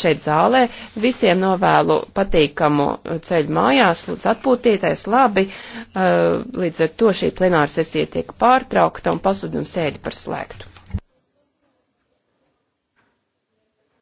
šeit zālē. Visiem novēlu patīkamu ceļu mājās, lūdzu atpūtīties labi. Uh, līdz ar to šī plenāra sesija tiek pārtraukta un pasludinu sēdi par slēgtu.